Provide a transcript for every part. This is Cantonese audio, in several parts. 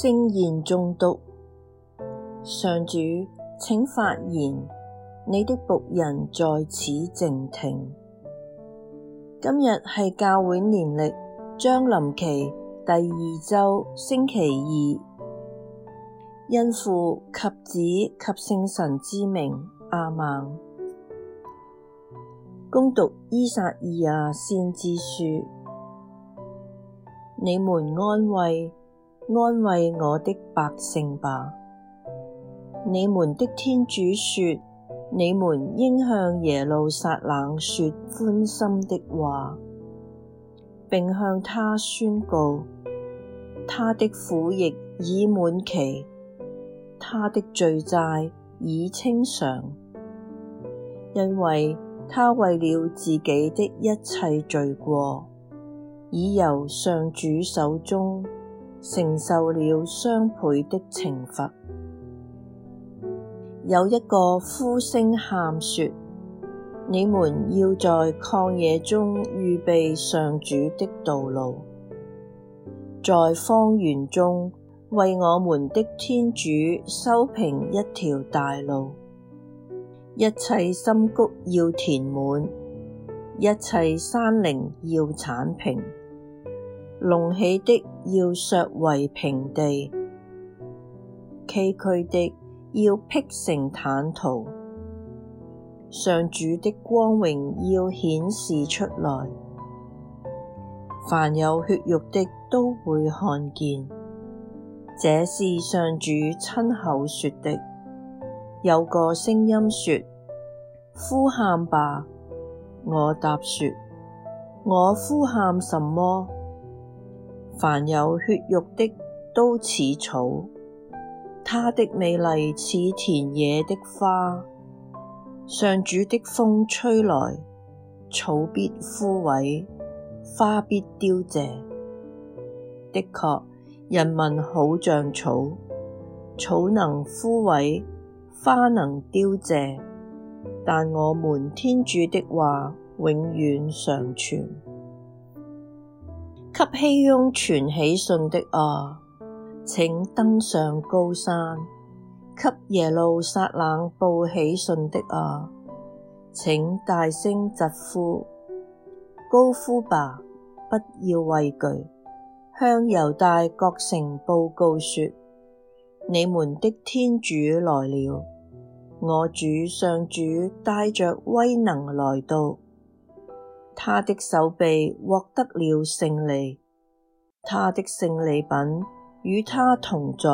聖言中毒，上主，請發言，你的僕人在此靜聽。今日係教會年曆將臨期第二周星期二，因父及子及聖神之名阿曼，攻讀伊撒意亞先知書，你們安慰。安慰我的百姓吧！你們的天主說：你們應向耶路撒冷說寬心的話，並向他宣告他的苦役已滿期，他的罪債已清償，因為他為了自己的一切罪過，已由上主手中。承受了雙倍的懲罰。有一個呼聲喊說：你們要在曠野中預備上主的道路，在荒原中為我們的天主修平一條大路，一切深谷要填滿，一切山陵要剷平。隆起的要削為平地，崎嶇的要闢成坦途，上主的光榮要顯示出來，凡有血肉的都會看見。這是上主親口說的。有個聲音說：呼喊吧！我答說：我呼喊什麼？凡有血肉的都似草，他的美麗似田野的花。上主的風吹來，草必枯萎，花必凋謝。的確，人民好像草，草能枯萎，花能凋謝，但我們天主的話永遠常存。給熙雍傳喜訊的啊，請登上高山；給耶路撒冷報喜訊的啊，請大聲疾呼、高呼吧！不要畏懼，向猶大各城報告說：你們的天主來了，我主上主帶着威能來到。他的手臂獲得了勝利，他的勝利品與他同在，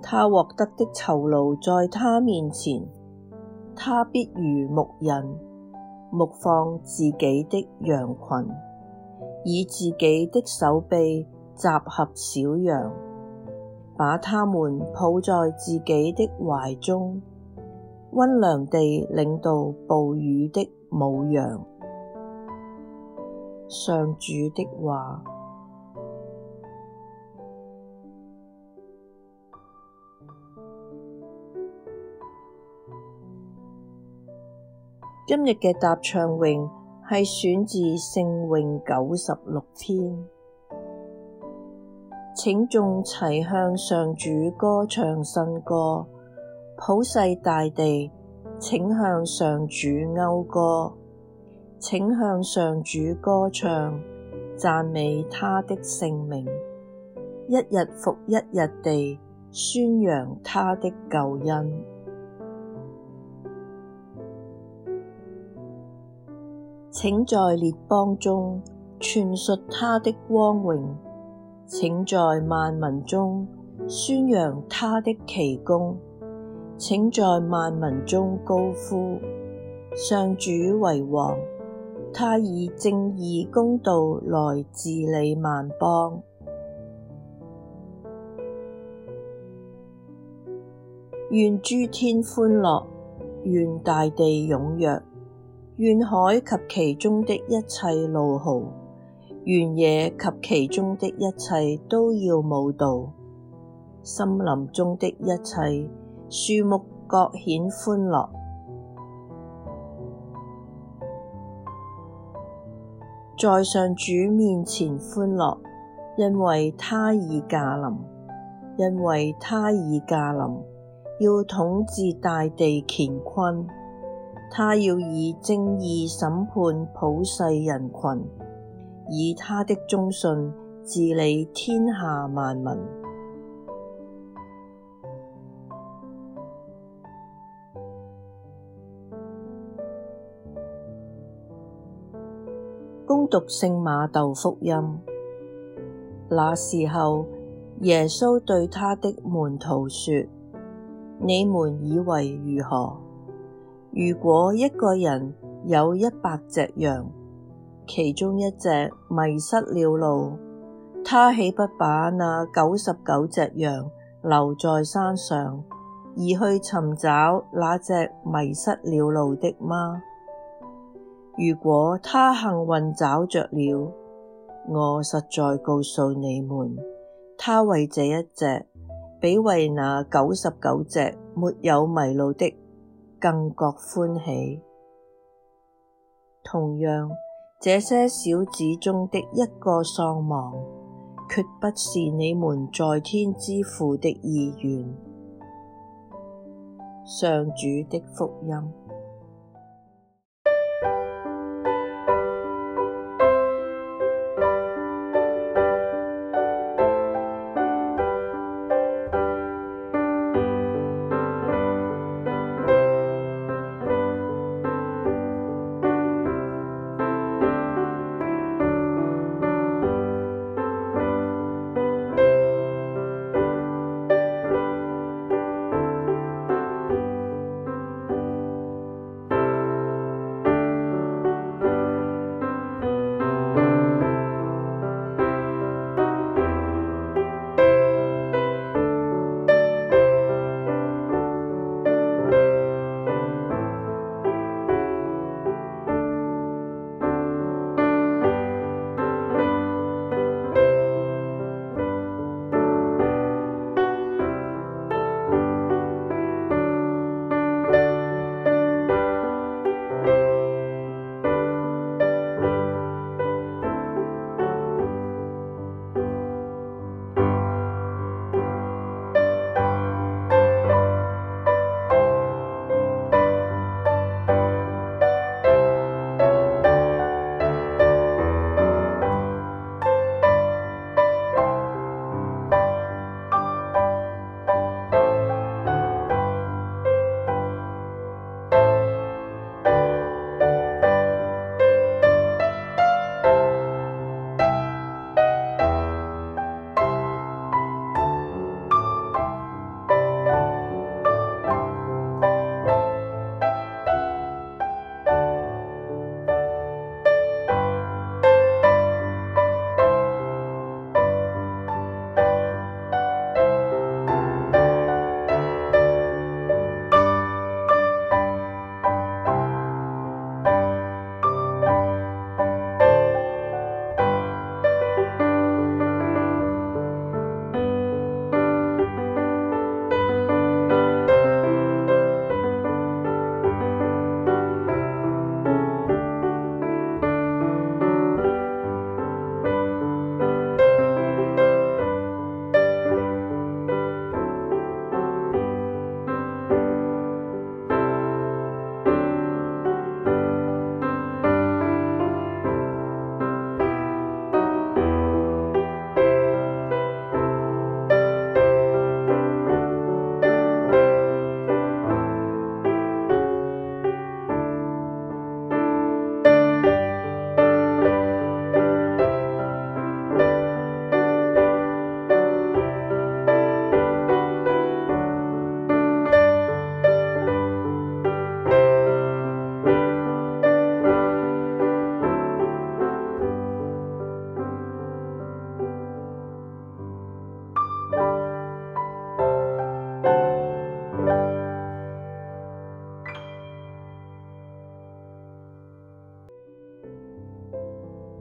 他獲得的酬勞在他面前，他必如牧人，牧放自己的羊群，以自己的手臂集合小羊，把他們抱在自己的懷中，溫良地領導哺乳的母羊。上主的話，今日嘅答唱詠係選自聖詠九十六篇。請眾齊向上主歌唱新歌，普世大地，請向上主謳歌。請向上主歌唱，讚美他的聖名，一日復一日地宣揚他的救恩。請在列邦中傳述他的光榮，請在萬民中宣揚他的奇功，請在萬民中高呼：上主為王！他以正義公道來治理萬邦，願諸天歡樂，願大地踴躍，願海及其中的一切怒號，原野及其中的一切都要舞蹈，森林中的一切樹木各顯歡樂。在上主面前歡樂，因為他已駕臨，因為他已駕臨，要統治大地乾坤。他要以正義審判普世人群，以他的忠信治理天下萬民。恭讀聖馬竇福音，那時候，耶穌對他的門徒說：你們以為如何？如果一個人有一百隻羊，其中一隻迷失了路，他豈不把那九十九隻羊留在山上，而去尋找那隻迷失了路的嗎？如果他幸運找着了，我實在告訴你們，他為這一隻，比為那九十九隻沒有迷路的更覺歡喜。同樣，這些小子中的一個喪亡，決不是你們在天之父的意願。上主的福音。